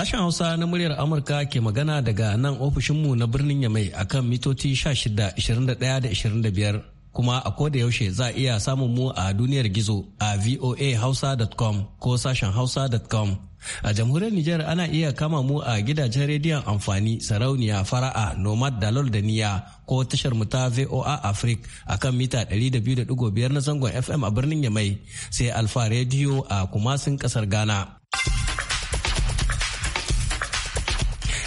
Sashen Hausa na muryar Amurka ke magana daga nan ofishinmu na birnin Yamai kan mitoci 16, 21 da 25 kuma a koda yaushe za a iya samun mu a duniyar gizo a voahausa.com ko sashen hausa.com. A jamhuriyar Nijar ana iya kama mu a gidajen rediyon amfani sarauniya fara'a nomad dalol da niya ko tashar mu ta VOA Africa a kan mita 200.5 na zangon FM a birnin Yamai sai Alfa rediyo a kumasin kasar Ghana.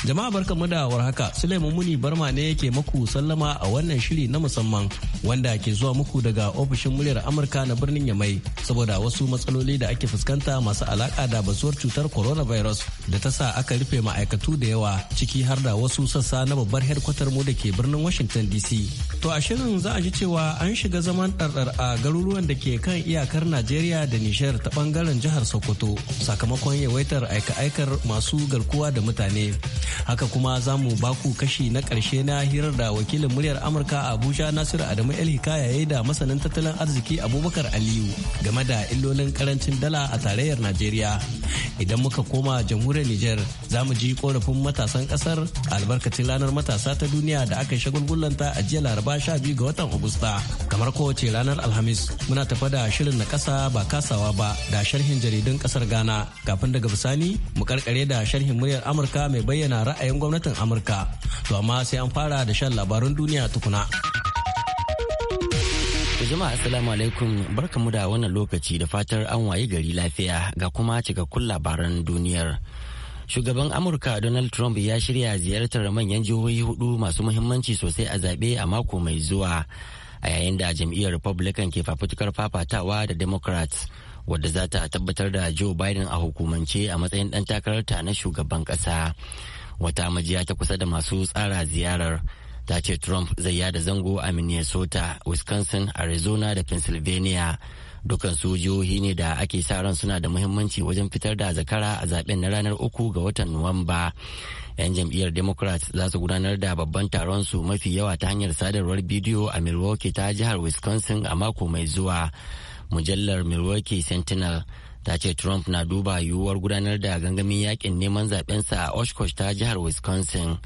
Jama'a mu da warhaka Suleiman Muni Barma ne yake muku sallama a wannan shiri na musamman wanda ke zuwa muku daga ofishin muryar Amurka na birnin Yamai saboda wasu matsaloli da ake fuskanta masu alaka da bazuwar cutar coronavirus da ta sa aka rufe ma'aikatu da yawa ciki har da wasu sassa na babbar hedkwatar mu da ke birnin Washington DC. To a shirin za a ji cewa an shiga zaman ɗarɗar a garuruwan da ke kan iyakar Najeriya da Nishar ta bangaren jihar Sokoto sakamakon yawaitar aika-aikar masu garkuwa da mutane. haka kuma za mu baku kashi na karshe na hirar da wakilin muryar amurka abuja nasiru adamu el hikaya ya da masanin tattalin arziki abubakar aliyu game da illolin karancin dala a tarayyar najeriya idan muka koma jamhuriyar niger za mu ji korafin matasan ƙasar albarkacin ranar matasa ta duniya da aka shagulgulanta a jiya laraba sha biyu ga watan agusta kamar kowace ranar alhamis muna tafa da shirin na kasa ba kasawa ba da sharhin jaridun ƙasar ghana kafin daga bisani mu karkare da sharhin muryar amurka mai bayyana ra'ayin gwamnatin Amurka. To amma sai an fara da shan labarun duniya tukuna. jama'a assalamu alaikum barkamu da wannan lokaci da fatar an waye gari lafiya ga kuma cikakkun labaran duniyar. shugaban amurka donald trump ya shirya ziyartar manyan jihohi hudu masu muhimmanci sosai a zaɓe a mako mai zuwa a yayin da jam'iyyar republican ke fafutukar fafatawa da democrats wadda za ta tabbatar da joe biden a hukumance a matsayin ɗan takararta na shugaban ƙasa. wata majiya ta kusa da masu tsara ziyarar ta ce trump zai yada zango a minnesota wisconsin arizona da pennsylvania dukkan su jihohi ne da ake sa ran suna da muhimmanci wajen fitar da zakara a zaben na ranar uku ga watan nuwamba yan jam'iyyar democrats za su gudanar da babban taron su mafi yawa ta hanyar sadarwar bidiyo a milwaukee ta jihar wisconsin a mako mai zuwa mujallar milwaukee sentinel ta ce Trump na duba yiwuwar gudanar da gangamin yakin neman zaɓensa a Oshkosh ta jihar Wisconsin.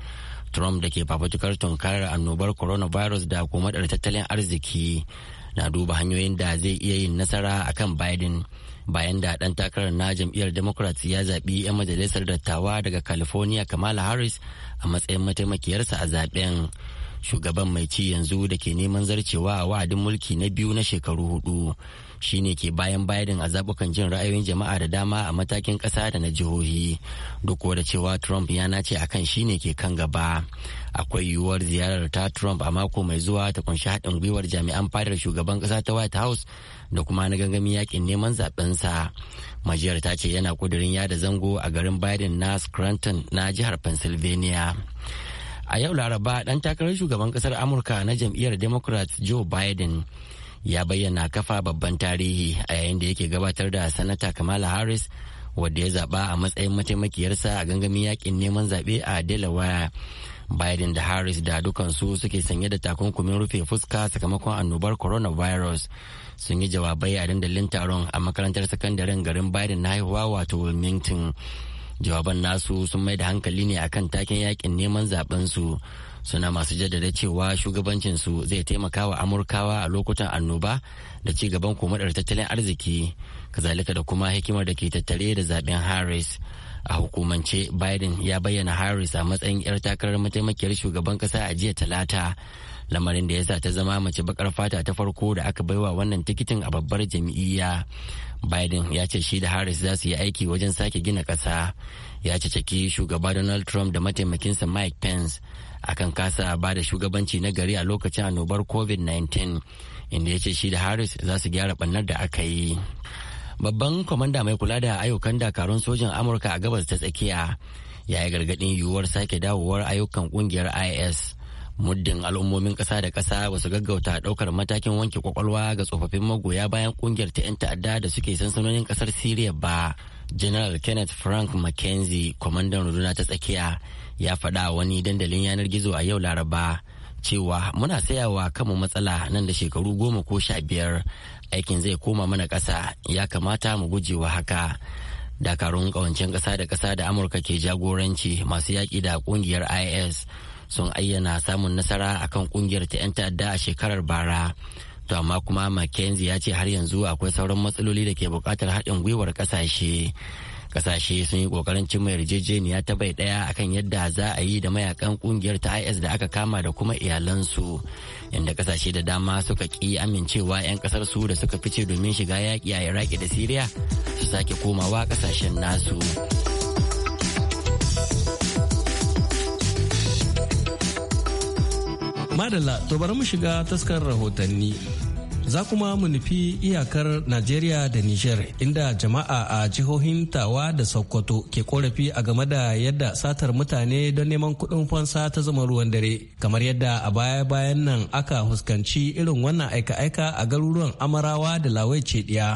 Trump da ke fafutukar tunkarar annobar coronavirus da kuma tattalin arziki na duba hanyoyin da zai iya yin nasara a kan Biden bayan da ɗan takarar na jam'iyyar Democrats ya zaɓi 'yan majalisar dattawa daga California Kamala Harris a matsayin mataimakiyarsa a zaɓen. Shugaban mai ci yanzu da ke neman zarcewa a wa'adin mulki na biyu na shekaru hudu. shine ke bayan Biden a zabukan jin ra'ayoyin jama'a da dama a matakin ƙasa da na jihohi duk da cewa Trump ya nace akan shine ke kan gaba akwai yiwuwar ziyarar ta Trump a mako mai zuwa ta kunshi haɗin gwiwar jami'an fadar shugaban ƙasa ta White House da kuma na gangamin yakin neman sa majiyar ta ce yana kudirin yada zango a garin Biden na Scranton na jihar Pennsylvania. a yau laraba ɗan takarar shugaban ƙasar amurka na jam'iyyar democrat joe biden ya bayyana kafa babban tarihi a yayin da yake gabatar da sanata kamala harris wadda ya zaba a matsayin mataimakiyarsa a gangamin yakin neman zaɓe a delaware biden da harris da dukansu suke sanye da takunkumin rufe fuska sakamakon annobar coronavirus sun yi jawabai a dandalin taron a makarantar sakandaren garin biden na haihuwa wato wilmington jawaban nasu sun mai da hankali ne akan taken yakin neman zaben su suna masu jaddada cewa shugabancinsu zai taimaka wa amurkawa a lokutan annoba da ci gaban komadar tattalin arziki kazalika da kuma hikimar da ke tattare da zaben harris a hukumance biden ya bayyana harris a matsayin 'yar takarar mataimakiyar shugaban kasa a jiya talata lamarin da ya sa ta zama mace bakar fata ta farko da aka baiwa wannan tikitin a babbar jam'iyya biden ya ce shi da harris za su yi aiki wajen sake gina kasa ya ce caki shugaba donald trump da mataimakinsa mike pence akan kasa ba da shugabanci na gari a lokacin annobar covid-19 inda ya ce shi da harris za su gyara bannar da aka yi babban kwamanda mai kula da ayyukan dakarun sojin amurka a gabas ta tsakiya ya yi gargadin yiwuwar sake dawowar ayyukan kungiyar is muddin al'ummomin ƙasa da ƙasa ba su gaggauta ɗaukar matakin wanke kwakwalwa ga tsofaffin magoya bayan ƙungiyar ta 'yan ta'adda da suke sansanonin ƙasar siriya ba general kenneth frank mckenzie kwamandan runduna ta tsakiya ya faɗa wani dandalin yanar gizo a yau laraba cewa muna sayawa kanmu matsala nan da shekaru goma ko sha biyar aikin zai koma mana ƙasa ya kamata mu gujewa haka dakarun ƙawancen ƙasa da ƙasa da amurka ke jagoranci masu yaƙi da ƙungiyar is sun ayyana samun nasara a kan kungiyar ta 'yan ta'adda a shekarar bara to amma kuma mckenzie ya ce har yanzu akwai sauran matsaloli da ke bukatar haɗin gwiwar ƙasashe ƙasashe sun yi ƙoƙarin kokarin cimma yarjejeniya ta bai daya akan yadda za a yi da mayakan ƙungiyar ta is da aka kama da kuma iyalansu inda ƙasashe da dama suka ki amincewa 'yan kasar su da suka fice domin shiga yaƙi a iraki da siriya su sake komawa ƙasashen nasu. madalla to bari mu shiga taskar rahotanni za kuma mu nufi iyakar najeriya da niger inda jama'a a jihohin tawa da sokoto ke korafi a game da yadda satar mutane don neman kuɗin fansa ta zama ruwan dare kamar yadda a baya-bayan nan aka huskanci irin wannan aika-aika a garuruwan amarawa da lawai cediya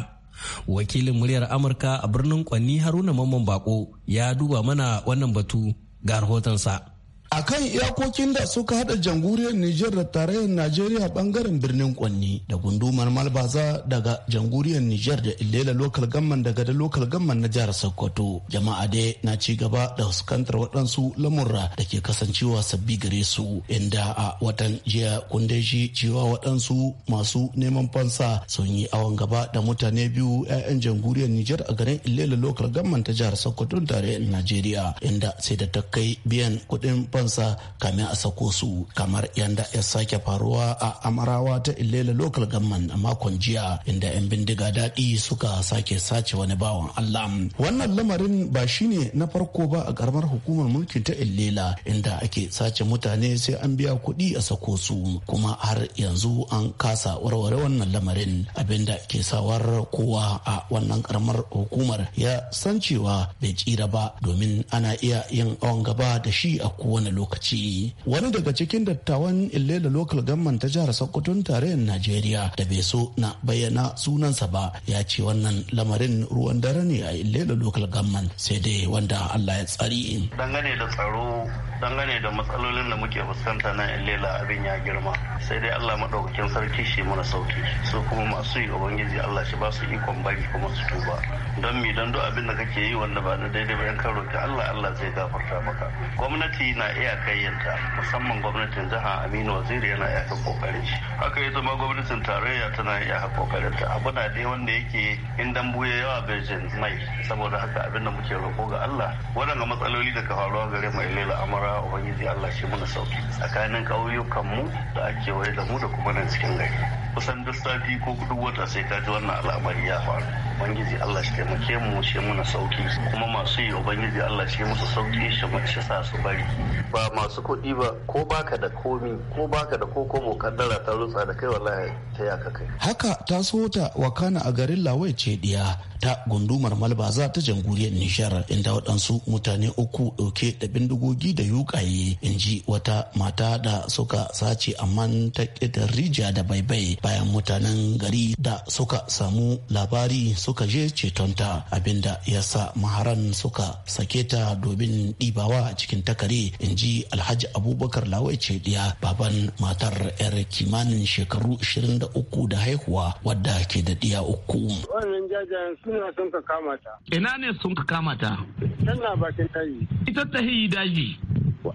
wakilin muryar amurka a birnin kwanni haruna mamman bako ya duba mana wannan batu ga rahotonsa a kan iyakokin da suka hada jamhuriyar Nijar da tarayyar Najeriya bangaren birnin Kwanni da gundumar Malbaza daga jamhuriyar Nijar da Ilela Local Gamman daga da Local Gamman na jihar Sokoto. Jama'a dai na ci gaba da fuskantar waɗansu lamurra da ke kasancewa sabbi gare su inda a watan jiya kundeshi cewa waɗansu masu neman fansa sun yi awon gaba da mutane biyu 'ya'yan jamhuriyar Nijar a garin Ilela Local Gamman ta jihar Sokoto tarayyar Najeriya inda sai da ta kai biyan kuɗin kansa kamin a sako su kamar yanda ya sake faruwa a amarawa ta illela local gamman a makon jiya inda 'yan bindiga daɗi suka sake sace wani bawan allah wannan lamarin ba shine na farko ba a karamar hukumar mulki ta illela inda ake sace mutane sai an biya kuɗi a sako su kuma har yanzu an kasa warware wannan lamarin abinda ke sawar kowa a wannan karamar hukumar ya san cewa bai tsira ba domin ana iya yin awon gaba da shi a kowane da lokaci wani daga cikin dattawan da local government ta jihar sokoton tarayyar najeriya da bai so na bayyana sunansa ba ya ce wannan lamarin ruwan dare ne a da local government sai dai wanda allah ya tsari dangane da tsaro dangane da matsalolin da muke fuskanta na illela abin ya girma sai dai allah maɗaukakin sarki shi mana sauki su kuma masu yi ubangiji allah shi ba su ikon baki kuma su tuba don mi don duk abin da kake yi wanda ba na daidai ba yan karo ka allah allah zai gafarta maka gwamnati na iyakayyanta musamman gwamnatin jiha aminu waziri yana iyakar kokarin shi haka ya zama gwamnatin tarayya tana iyakar kokarin ta abu na dai wanda yake in dan buye yawa birjin mai saboda haka abin da muke roƙo ga Allah waɗanda matsaloli da ka faruwa gare mu lela amara ubangiji Allah shi muna sauki tsakanin ƙauyukan mu da ake waye da mu da kuma nan cikin gari kusan duk sati ko duk wata sai ka ji wannan al'amari ya faru ubangiji Allah shi taimake mu shi muna sauki kuma masu yi ubangiji Allah shi musu sauki shi shi sa su bari ba masu kuɗi ba ko baka da komi ko baka da koko mu kaddara ta rutsa da kai wallahi ta yaka kai haka ta so ta wakana a garin Lawai ce diya ta gundumar Malbaza ta jamhuriyar Nijar inda waɗansu mutane uku ɗauke da bindigogi da yukaye in ji wata mata da suka sace amma ta ƙi rijiya da baibai bayan mutanen gari da suka samu labari su suka je cetonta abinda ya sa maharan suka sake ta domin ɗibawa a cikin takare in ji alhaji abubakar lawai ce ɗiya baban matar yar kimanin shekaru 23 da haihuwa wadda ke da ɗiya uku. Wannan jajayen suna sun ka kama ta. Ina ne sun ka kama ta? Tana bakin daji. Ita ta daji.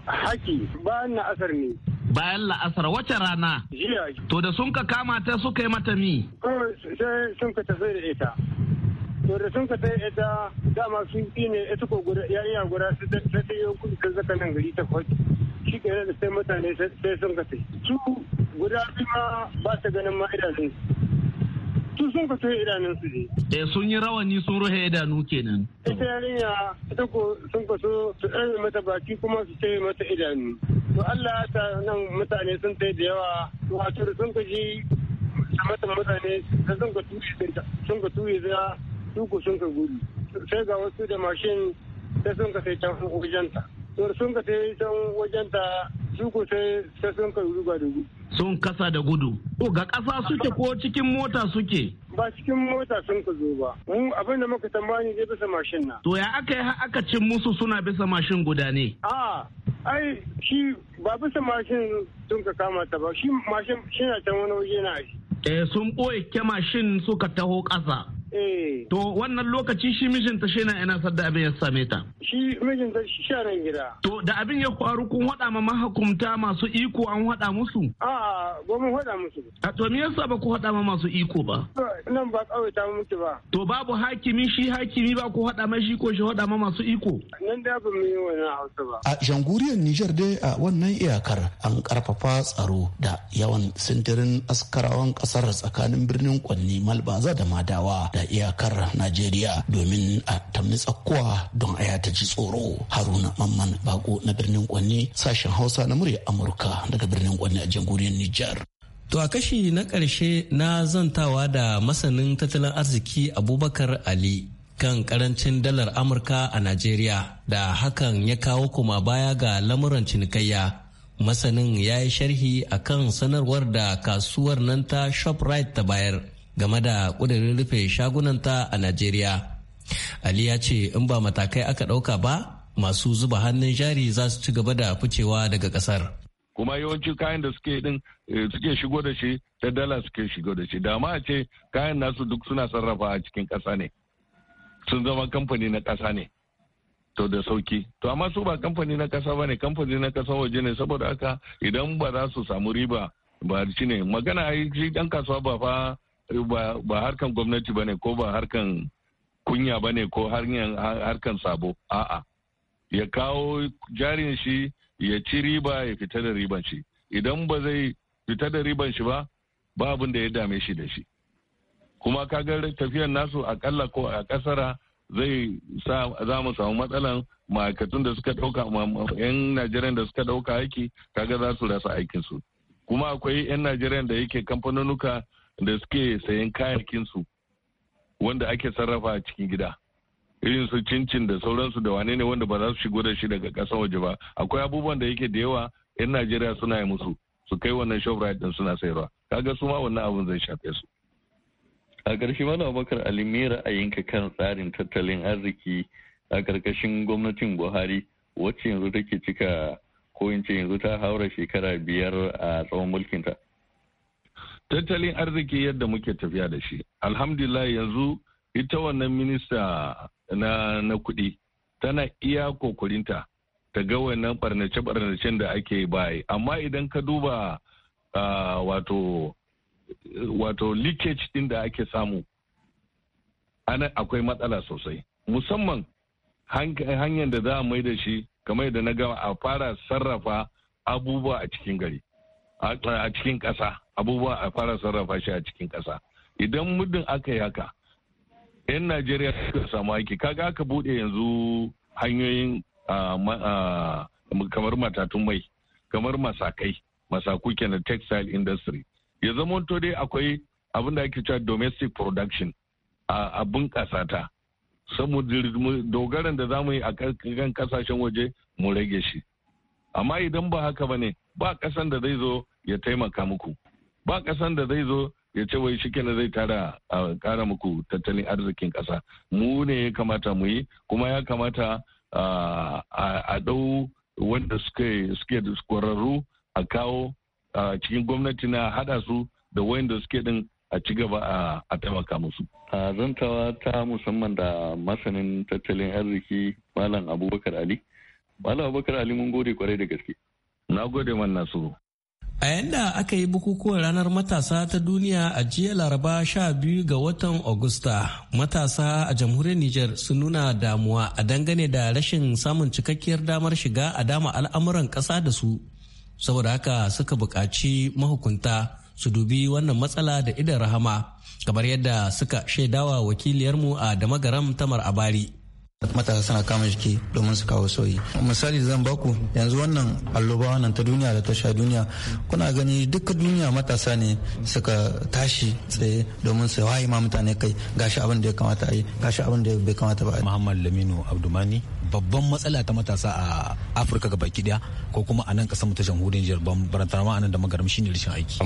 Haki ba na asar ne. bayan la'asar wace rana to da sun ka kama ta suka yi mata mi sai sun ka tafi da ita to da sun ka tafi ita dama sun fi ne ita ko guda yarinya guda da ta yi kuɗi kan zaka nan gari ta kwaki. shi ke da sai mutane sai sun ka tafi su guda biyu ma ba ta ganin ma idanun su sun ka tafi idanun su ne eh sun yi rawani sun ruhe idanu kenan ita yarinya ita ko sun ka so su ɗaya mata baki kuma su yi mata idanu to Allah ya sa nan mutane sun tai da yawa to a sun ka ji samatan mutane sun ka tuye sun ka tuye za su sun ka gudu sai ga wasu da mashin sai sun ka sai can wajenta to sun ka sai can wajenta su sai sun ka ruga da gudu sun kasa da gudu ko ga kasa suke ko cikin mota suke ba cikin mota sun ka zo ba Mun abin da muka tambaya ne bisa mashin na to ya aka yi aka cin musu suna bisa mashin guda ne a ai shi ba bisa mashin sun ka kama ta ba shi mashin shi na can wani waje na shi eh sun ɓoye ke mashin suka taho ƙasa eh. To wannan lokaci shi mijinta ta na yana sadda abin ya same ta. Shi mijinta shi nan gida. To da abin ya faru kun haɗa ma mahakumta masu iko an haɗa musu? A'a, ba mu haɗa musu. A to me yasa ba ku haɗa ma masu iko ba? nan ba kawai ta mutu ba. To babu hakimi shi hakimi ba ko haɗa mai shi ko shi haɗa ma masu iko. Nan da ba mu yi wannan hausa ba. A janguriyar Nijar dai a wannan iyakar an karfafa tsaro da yawan sintirin askarawan kasar tsakanin birnin Kwanni Malbaza da Madawa da iyakar Najeriya domin a tamni tsakkuwa don a ta ji tsoro. Haruna Mamman Bago na birnin Kwanni sashen Hausa na murya Amurka daga birnin Kwanni a jamhuriyar Nijar. To a kashi na ƙarshe na zantawa da masanin tattalin arziki Abubakar Ali kan karancin dalar Amurka a Najeriya da hakan ya kawo kuma baya ga lamuran cinikayya. Masanin ya yi sharhi a kan sanarwar da kasuwar nan ta ShopRite ta bayar game da ƙudurin rufe shagunanta a Najeriya. Ali ya ce in ba matakai aka ɗauka ba masu zuba hannun jari za su ci gaba da ficewa daga ƙasar. kuma yawancin kayan da suke din eh, suke shigo da shi ta dala suke shigo da shi dama a ce kayan nasu duk suna sarrafa a cikin kasa ne sun zama kamfani na ƙasa ne to da sauki to amma su ba kamfani na ƙasa ba ne kamfani na ƙasa waje ne saboda haka idan ba za su samu riba ba shi ne magana a yi shi ɗan kasuwa ba fa ba harkan gwamnati ba ne ko ba harkan kunya ba ne ko harkan sabo a'a ya kawo jarin shi ya ci riba ya fita da riban shi idan ba zai fita da riban shi ba babin da ya dame shi da shi kuma kaga tafiyar nasu akalla ko a kasara zai za mu samu matsalan ma'aikatun da suka dauka yan najeriya da suka dauka aiki kaga za su rasa aikinsu kuma akwai yan najeriya da yake kamfanonuka da suke sayan kayakinsu wanda ake sarrafa cikin gida irin su cincin da sauransu da wane ne wanda ba za su shigo da shi daga ƙasar waje ba akwai abubuwan da yake da yawa 'yan najeriya suna yi musu su kai wannan shoprite din suna sayarwa kaga su ma wannan abun zai shafe su a ƙarshe mana abubakar alimi a kan tsarin tattalin arziki a ƙarƙashin gwamnatin buhari wacce yanzu take cika ko in ce yanzu ta haura shekara biyar a tsawon mulkinta tattalin arziki yadda muke tafiya da shi alhamdulillah yanzu ita wannan minista na, na kuɗi tana iya kokurinta ta ga wannan barnace-barnacen da ake bayi amma idan ka duba uh, wato wato leakage din da ake samu ana akwai matsala sosai musamman hanyar da za a mai da shi kamar da na gama a fara sarrafa abubuwa a cikin gari a cikin ƙasa abubuwa a fara sarrafa shi a cikin ƙasa idan muddin aka yi haka 'yan najeriya suka samu aiki kaga aka bude yanzu hanyoyin ah, ah, kamar matatun mai kamar masakai masaku kenan textile industry ya zama to dai akwai abin da ake cewa domestic production a bunƙasa ta saboda dogaran da za yi a kan kasashen waje mu rage shi amma idan ba haka ba ne ba ƙasan da zai zo ya taimaka muku ba ƙasan da zai zo ya ce wai shi kenan zai tara a kara muku tattalin arzikin kasa mu ne ya kamata mu yi kuma ya kamata a dau wanda suke da kwararru a kawo cikin gwamnati na hada su da wayanda suke din a ci gaba a taimaka musu. A zantawa ta musamman da masanin tattalin arziki Malam Abubakar Ali. Malam Abubakar Ali mun gode kwarai da gaske. Na gode man nasu. A yadda aka yi bukukuwan ranar matasa ta duniya a jiya laraba sha biyu ga watan Agusta, matasa a jamhuriyar Nijar sun nuna damuwa a dangane da rashin samun cikakkiyar damar shiga a dama al'amuran ƙasa da su. Saboda haka suka buƙaci mahukunta su dubi wannan matsala da idan rahama, kamar yadda suka shaidawa wakiliyarmu a Damagaram Tamar Abari. matasa suna kama jiki domin su kawo sauyi misali zan baku yanzu wannan alloba wannan ta duniya da ta sha duniya kuna gani duka duniya matasa ne suka tashi tsaye domin su waye ma mutane kai gashi abin da ya kamata a yi gashi abin da bai kamata ba muhammad laminu abdumani babban matsala ta matasa a afirka ga baki daya ko kuma a nan kasar ta jamhuriyar nijar barantar ma anan da magaram shine rashin aiki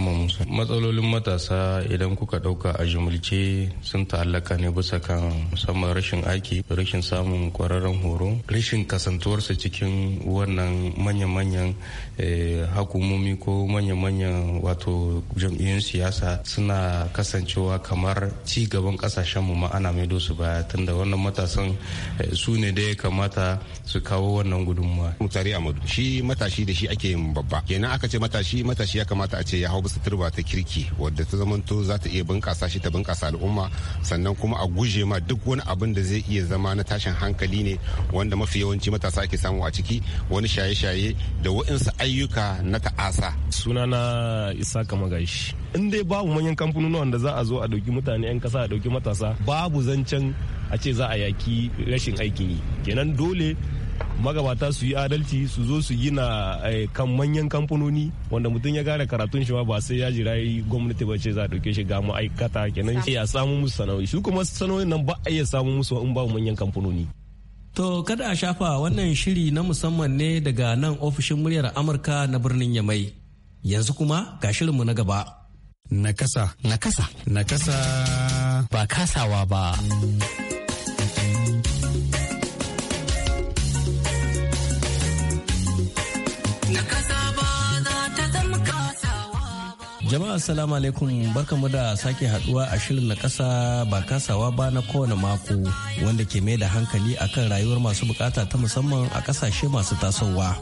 matsalolin matasa idan kuka dauka a jumulce sun ta'allaka ne bisa kan musamman rashin aiki rashin samun kwararren horo rashin kasantuwarsa cikin wannan manya-manyan hakumomi eh, ko manya-manyan wato jam'iyyun siyasa suna kasancewa kamar ci gaban kasashen mu ana maido su baya tunda wannan matasan eh, su ne da ya kamata su kawo wannan gudunmuwa. Mutare Amadu shi matashi da shi ake yin babba kenan aka ce matashi matashi ya kamata a ce ya hau bisa turba ta kirki wadda ta zamanto za ta iya bunkasa shi ta bunkasa al'umma sannan kuma a guje ma duk wani abin da zai iya zama na tashin hankali ne wanda mafi yawanci matasa ake samu a ciki wani shaye-shaye da wa'insu ayyuka na ta'asa. Sunana Isa Magashi. In dai babu manyan kamfanonuwan da za a zo a ɗauki mutane 'yan kasa a ɗauki matasa babu zancen a ce za a yaki rashin aikin yi. Kenan dole magabata su yi adalci su zo su gina eh, kan manyan kamfanoni wanda mutum ya gane karatun shi ma ba sai ya jira yi gwamnati ba ce za a ɗauke shi ga ma'aikata kenan ya samu musu sana'o'i su kuma sana'o'in nan ba a iya samu musu in babu manyan kamfanoni. To kada a shafa wannan shiri na musamman ne daga nan ofishin muryar Amurka na birnin Yamai. Yanzu kuma ga shirinmu na gaba. Nakasa. Nakasa. Nakasa. Ba kasawa ba. Jama'a salamu alaikum barkamu da sake haduwa a shirin na kasa ba kasawa ba na kowane mako wanda ke mai da hankali akan rayuwar masu bukata ta musamman a kasashe masu tasowa.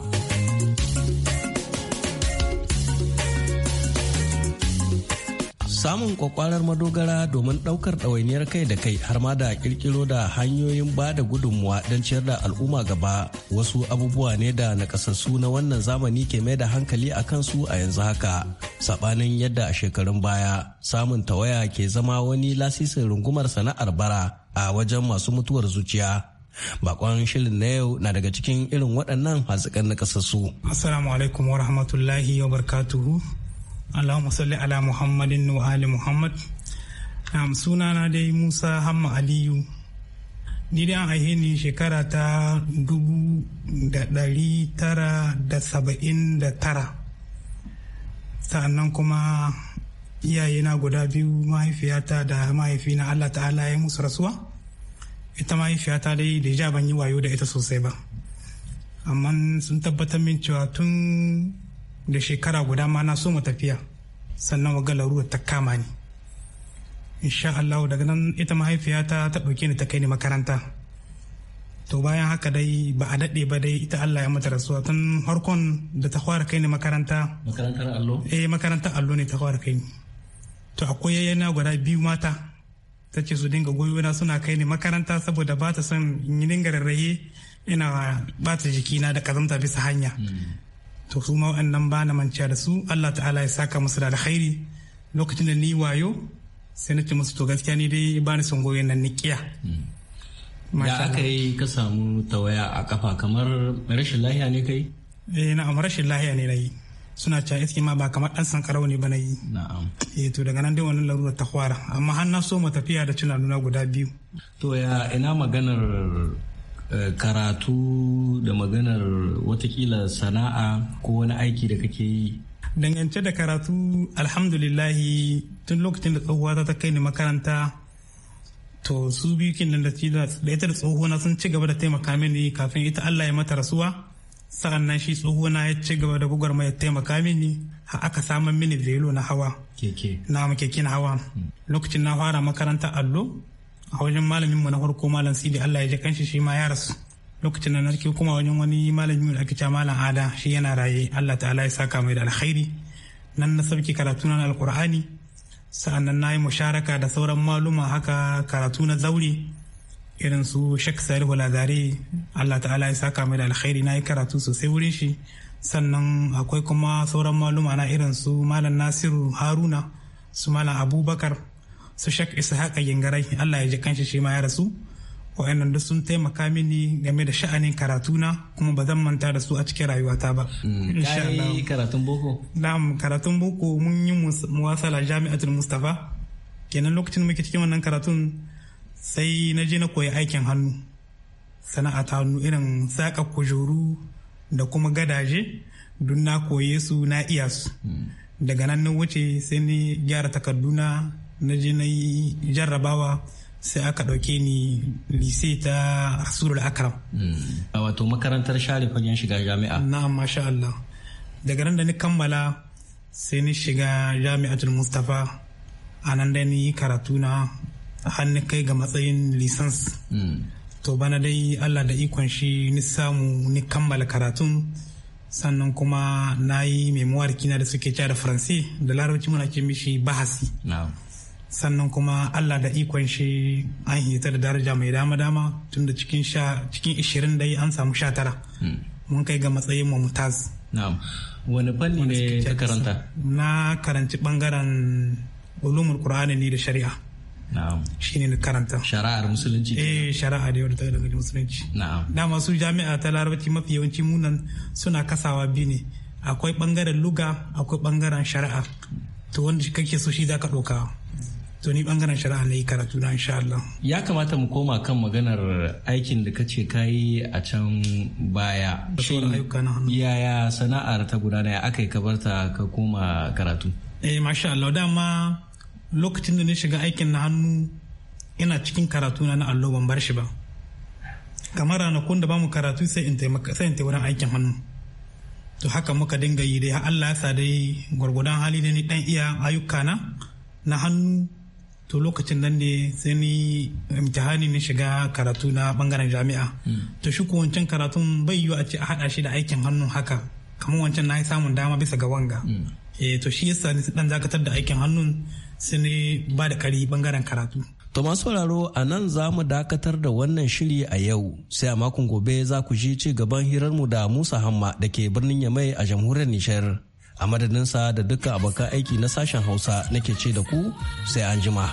samun kwakwarar madogara domin ɗaukar ɗawainiyar kai da kai har ma da kirkiro da hanyoyin ba da gudunmuwa don ciyar da al'umma gaba wasu abubuwa ne da nakasassu na wannan zamani ke mai da hankali a kansu a yanzu haka sabanin yadda a shekarun baya samun tawaya ke zama wani lasisin rungumar sana'ar bara a wajen masu mutuwar zuciya bakon shirin na yau na daga cikin irin waɗannan hatsikan na kasassu alaikum wa rahmatullahi wa barkatuhu Allahumma salli ala Muhammadin wa ali Muhammad. Um, na dai Musa Hamma Aliyu. Ni dai an haihe ni shekara ta dubu da ɗari tara da saba'in da tara. Sa'annan kuma iyaye na guda biyu mahaifiyata da mahaifina Allah ta'ala ya musu rasuwa. Ita mahaifiyata dai da ja ban yi wayo da ita sosai ba. Amma sun tabbatar min cewa tun da shekara guda ma na so mu tafiya sannan wa galaru ta kama ni insha Allah daga nan ita mahaifiyata ta ɗauke ni ta kai ni makaranta to bayan haka dai ba a daɗe ba dai ita Allah ya mata rasuwa tun harkon da ta fara kai ni makaranta makarantar allo eh makarantar allo ne ta fara kai ni to akwai yayyana guda biyu mata ta ce su dinga goyo na suna kai ni makaranta saboda ba ta son in yi dinga rarrahe ina ba ta jikina da kazanta bisa hanya hmm. to su ma nan ba na manciya da su Allah ta'ala ya saka musu da alkhairi lokacin da ni wayo sai na ce musu to gaskiya ni dai ba ni son goyon nan nikiya mm. Ya aka yi ka samu tawaya a kafa kamar rashin lahiya ne kai eh na'am rashin lahiya ne nayi suna cewa iske ma ba kamar ɗan sankarau ne ba na yi na'am eh to daga nan dai wannan larurar ta kwara amma har na so mu tafiya da nuna guda biyu to ya ina maganar Eh, karatu da maganar watakila sana'a ko wani aiki da kake yi dangance da karatu alhamdulillahi tun lokacin da tsohuwa ta kai ni makaranta to su biyu kin da da ita da tsohuwa sun ci gaba da taimaka mini kafin ita Allah ya mata rasuwa Sakanna shi tsohuwa ya ci gaba da ya taimaka mini ha aka samun mini velo na hawa na keke na hawa hmm. lokacin na fara makaranta allo a wajen malamin mu na farko malam sidi allah ya ji kanshi shi ma ya rasu lokacin da narke kuma wajen wani malami da ake cewa malam ada shi yana raye allah ta'ala ya saka mai da alkhairi nan na sauke karatu na alkur'ani sa'annan na yi musharaka da sauran maluma haka karatu na zaure irin su shek salihu lazare allah ta'ala ya saka mai da alkhairi na yi karatu sosai wurin shi sannan akwai kuma sauran maluma na irin su malam nasiru haruna su malam abubakar su shak ishaqa gingarai allah ya ji kanshi shi ma ya rasu wa'annan duk sun taimaka mini game da sha'anin karatuna kuma ba zan manta da su a cikin rayuwata ba. Mm. Kai karatun boko? Na'am karatun boko mun yi muwasala jami'atul Mustapha. Kenan lokacin muke cikin wannan karatun sai na je na koyi aikin hannu. Sana'a ta hannu irin saƙa kujeru da kuma gadaje duk na koye su na iya su. Mm. Daga nan na wuce sai ni gyara takarduna na je na yi jarrabawa sai aka ɗauke ni lise ta surul akram hmm. a wato makarantar share fagen shiga jami'a na'am masha Allah daga nan da ni kammala sai ni shiga jami'atul mustafa a nan da ni karatu na hannu kai ga matsayin lisans hmm. to bana dai Allah da ikon shi ni samu ni kammala karatun sannan kuma na yi memuwar kina da suke da faransi da larabci muna ce mishi bahasi sannan kuma Allah da ikon shi an hita da daraja mai dama dama tun da cikin sha cikin 20 dai an samu sha tara hmm. mun kai ga matsayin mumtaz na'am wani fanni ne ta karanta na karanci bangaren ulumul qur'ani ne da shari'a na'am shine na karanta shari'ar musulunci eh shari'a da yau da daga musulunci na'am masu jami'a ta larabci mafi yawanci munan suna kasawa biyu ne akwai bangaren luga akwai bangaren shari'a to wanda kake so shi zaka ɗauka to ni bangaren shari'a ne karatu na insha Allah. Ya kamata mu koma kan maganar aikin da kace yi a can baya. Yaya sana'ar ta gudana ya aka yi kabarta ka koma karatu? Eh masha Allah dama lokacin da na shiga aikin na hannu ina cikin karatu na na allo ban bar shi ba. Kamar ranakun da mu karatu sai in taimaka sai in wurin aikin hannu. To haka muka dinga yi dai Allah ya sa dai gwargwadon hali ne ni dan iya ayyuka na hannu to lokacin nan ne sai ni imtihani ne shiga karatu na bangaren jami'a hmm. to shi wancan karatun bai yiwu a ce a hada shi da aikin hannu haka kamar wancan na yi samun dama bisa ga wanga hmm. eh to shi yasa ni dan zakatar da aikin hannu sai ni ba da kari bangaren karatu To masu sauraro a nan za mu dakatar da wannan shiri a yau sai a makon gobe za ku ji ci gaban hirar mu da Musa Hamma da ke birnin Yamai a jamhuriyar Nishar. a madadinsa da dukkan abokan aiki na sashen hausa nake ce da ku sai an jima.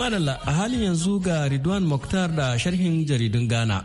Madalla a halin yanzu ga Ridwan Mokhtar da sharhin jaridun Ghana.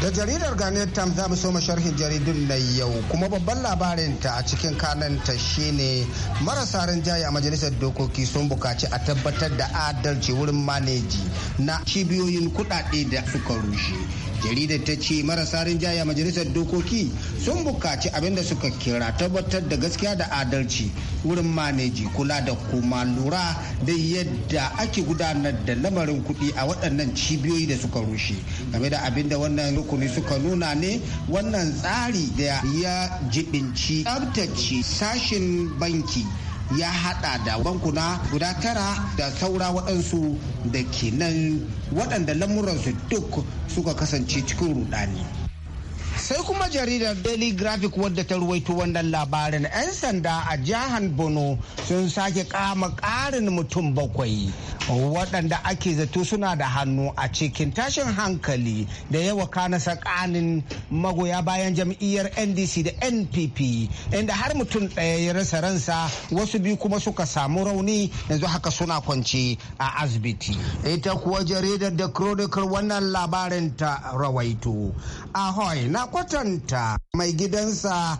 Da jaridar gane tam za mu so sharhin jaridun na yau kuma babban labarin ta a cikin kananta shine marasa rinjaye a majalisar dokoki sun bukaci a tabbatar da adalci wurin maneji na cibiyoyin kudade da suka rushe. jaridar ta ce marasa rinjaya majalisar dokoki sun bukaci abinda suka kira tabbatar da gaskiya da adalci wurin maneji kula da kuma lura da yadda ake gudanar da lamarin kuɗi a waɗannan cibiyoyi da suka rushe game da abinda wannan rukuni suka nuna ne wannan tsari da ya jibinci tsabtace sashen banki ya hada da bankuna guda tara da saura waɗansu da ke nan waɗanda lamuransu duk suka kasance cikin rudani. sai kuma jaridar daily graphic wadda ta ruwaito wannan labarin 'yan sanda a jihar borno sun sake kama karin mutum bakwai waɗanda ake zato suna da hannu a cikin tashin hankali da yawa kana tsakanin magoya bayan jam'iyyar ndc da npp inda har mutum ɗaya ya rasa ransa wasu biyu kuma suka samu rauni yanzu haka suna kwance a asibiti ita kuwa jaridar da chronicle wannan labarin ta rawaito ahoy na kwatanta mai gidansa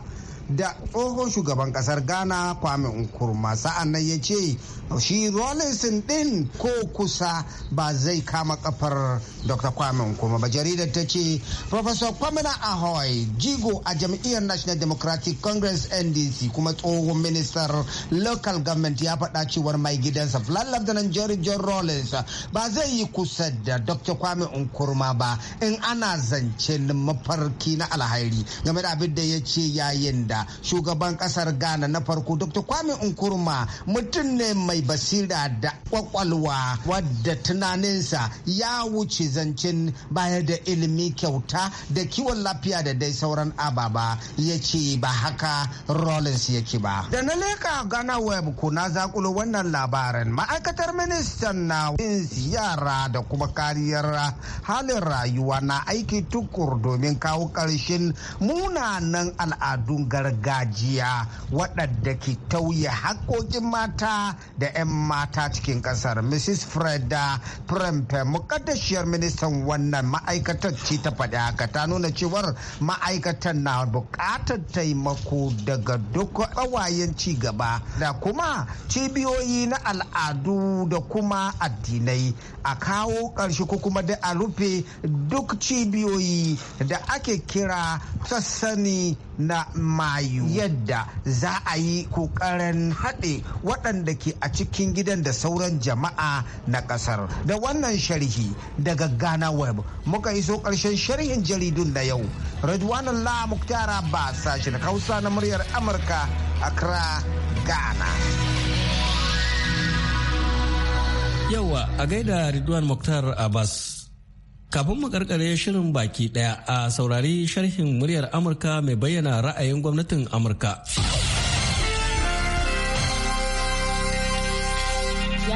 da tsohon shugaban kasar ghana kwame Nkrumah sa'an nan ya ce shi rollinson din ko kusa ba zai kama kafar dr kwame Nkrumah ba jaridar ta ce professor kwamina ahoy jigo a jam'iyyar national democratic congress ndc kuma tsohon minister local government ya faɗa cewar mai gidansa flight da jerry john rollins ba zai yi kusa da dr kwame Nkrumah ba in ana zancen mafarki na alhairi game da abin da ya ce yayin da shugaban kasar ghana na farko dr kwame nkuruma mutum ne mai basira da kwakwalwa wadda tunaninsa ya wuce zancen bayar da ilimi kyauta da kiwon lafiya da dai sauran ababa ya ce ba haka rollins yake ba da na leka ghana web kuna zakulo wannan labarin ma'aikatar ministan na yara da kuma kariyar halin rayuwa na aiki tukur domin kawo ƙarshen munanan al'adun gari. gargajiya waɗanda ke tauye haƙoƙin mata da 'yan mata cikin ƙasar mrs freda prempe mukaddashiyar ministan wannan ma'aikatar ce ta faɗi haka ta nuna cewar ma'aikatar na buƙatar taimako daga duk ƙawayen ci gaba da kuma cibiyoyi na al'adu da kuma addinai a kawo ƙarshe ko kuma da a rufe duk cibiyoyi da ake kira sassani na ma yadda za a yi kokarin haɗe waɗanda ke a cikin gidan da sauran jama'a na ƙasar da wannan sharhi daga ghana web muka iso ƙarshen sharhin jaridun na yau la muktar ba sashen hausa na muryar amurka kira ghana yawa a gaida ridwan muktar abbas Kafin mu karkare shirin baki daya a saurari sharhin muryar Amurka mai bayyana ra'ayin gwamnatin Amurka.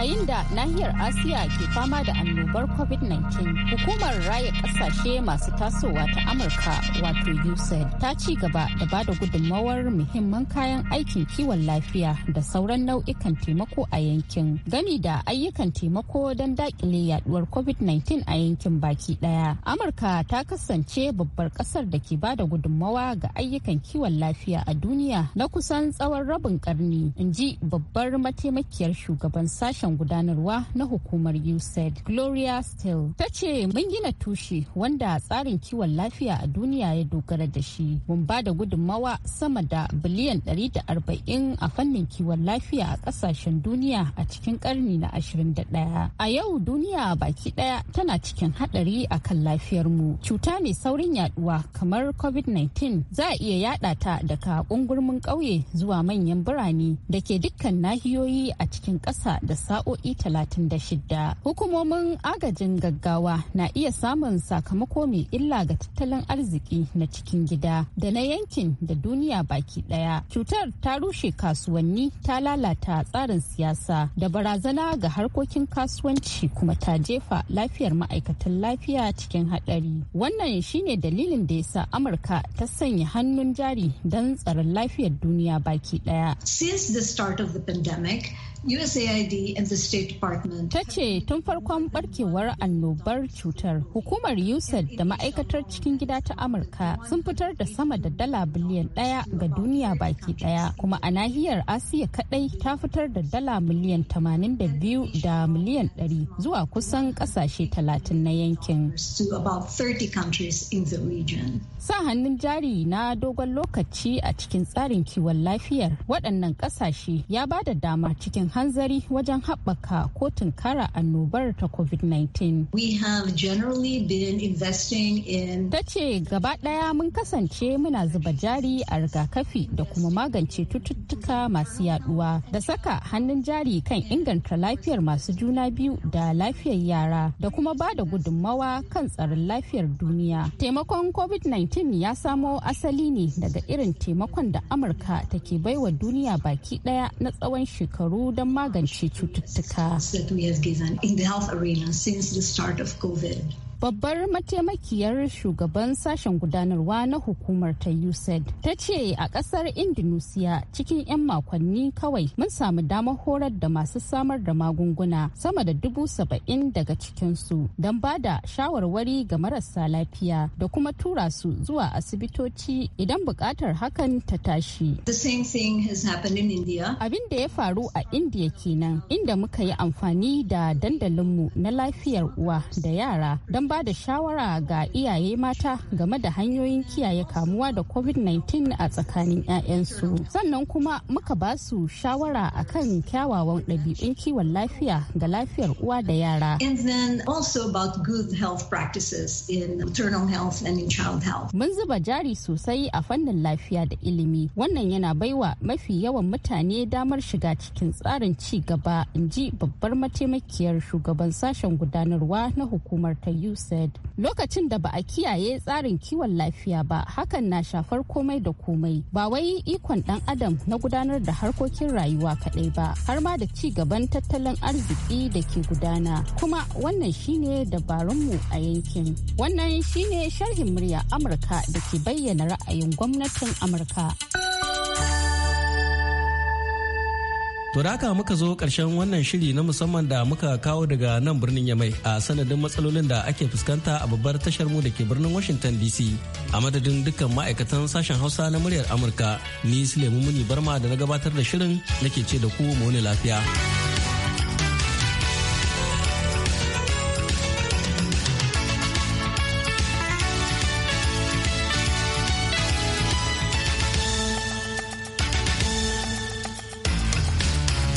yayin da nahiyar asiya ke fama da annobar covid-19 hukumar raya kasashe masu tasowa ta amurka wato usaid ta ci gaba da ba da gudunmawar muhimman kayan aikin kiwon lafiya da sauran nau'ikan taimako a yankin gami da ayyukan taimako don dakile yaduwar covid-19 a yankin baki daya amurka ta kasance babbar kasar da ke ba da gudunmawa ga ayyukan kiwon lafiya a duniya na kusan tsawon rabin karni in ji babbar mataimakiyar shugaban sashen kan gudanarwa na hukumar USAID Gloria steel ta ce mun gina tushe wanda tsarin kiwon lafiya a duniya ya dogara da shi. Mun ba da gudunmawa sama da biliyan 140 a fannin kiwon lafiya a kasashen duniya a cikin karni na 21. A yau duniya baki daya tana cikin hadari lafiyar mu Cuta mai saurin yaduwa kamar COVID-19 za a iya yada ta daga ƙungurmin ƙauye zuwa manyan birane da ke dukkan nahiyoyi a cikin ƙasa da sa'o sa'o'i 36 hukumomin agajin gaggawa na iya samun sakamako mai illa ga tattalin arziki na cikin gida da na yankin da duniya baki daya cutar ta rushe kasuwanni ta lalata tsarin siyasa da barazana ga harkokin kasuwanci kuma ta jefa lafiyar ma'aikatan lafiya cikin hadari wannan shine dalilin da yasa amurka ta sanya hannun jari don tsaron lafiyar duniya baki daya since the start of the pandemic USAID and the State Department. Ta ce tun farkon barkewar annobar cutar hukumar USAID da ma'aikatar cikin gida ta Amurka sun fitar da sama da dala biliyan daya ga duniya baki daya kuma a nahiyar Asiya kadai ta fitar da dala miliyan 82 da miliyan 100 zuwa kusan kasashe talatin na yankin. Sa hannun jari na dogon lokaci a cikin tsarin kiwon lafiyar waɗannan ƙasashe ya ba da dama cikin hanzari wajen haɓaka kotun kara annobar ta COVID-19. We have generally been investing in Ta ce gaba ɗaya mun kasance muna zuba jari a rigakafi da kuma magance cututtuka masu yaduwa da saka hannun jari kan inganta lafiyar masu juna biyu da lafiyar yara da kuma ba da gudunmawa kan tsaron lafiyar duniya. Taimakon COVID-19 ya samo asali ne daga irin taimakon da Amurka take baiwa duniya baki ɗaya na tsawon shekaru da don magance cututtuka. babbar mataimakiyar shugaban sashen gudanarwa na hukumar ta usaid ta ce a kasar indonesia cikin 'yan makonni kawai mun samu damar horar da masu samar da magunguna sama da dubu saba'in daga cikinsu don ba da shawarwari ga marasa lafiya da kuma tura su zuwa asibitoci idan bukatar hakan ta tashi abin da ya faru a indiya kenan inda muka yi amfani da dandalinmu na lafiyar uwa da yara don ba da shawara ga iyaye mata game da hanyoyin kiyaye kamuwa da covid-19 a tsakanin 'ya'yansu sannan kuma muka ba su shawara kan kyawawan ɗabi'un kiwon lafiya ga lafiyar uwa da yara mun zuba jari sosai a fannin lafiya da ilimi wannan yana baiwa mafi yawan mutane damar shiga cikin tsarin ci gaba in ji babbar mataimakiyar shugaban sashen gudanarwa na hukumar ta said lokacin da ba a kiyaye tsarin kiwon lafiya ba hakan na shafar komai da komai ba wai ikon dan adam na gudanar da harkokin rayuwa kadai ba har ma da ci gaban tattalin arziki da ke gudana kuma wannan shine dabarun mu a yankin wannan shine sharhin murya amurka da ke bayyana ra'ayin gwamnatin amurka. To da haka muka zo ƙarshen wannan shiri na musamman da muka kawo daga nan birnin Yamai a sanadin matsalolin da ake fuskanta a babbar tashar mu da ke birnin Washington DC. A madadin dukkan ma'aikatan sashen Hausa na muryar Amurka, ni Sulemu Muni Barma da na gabatar da shirin nake ce da ku mu lafiya.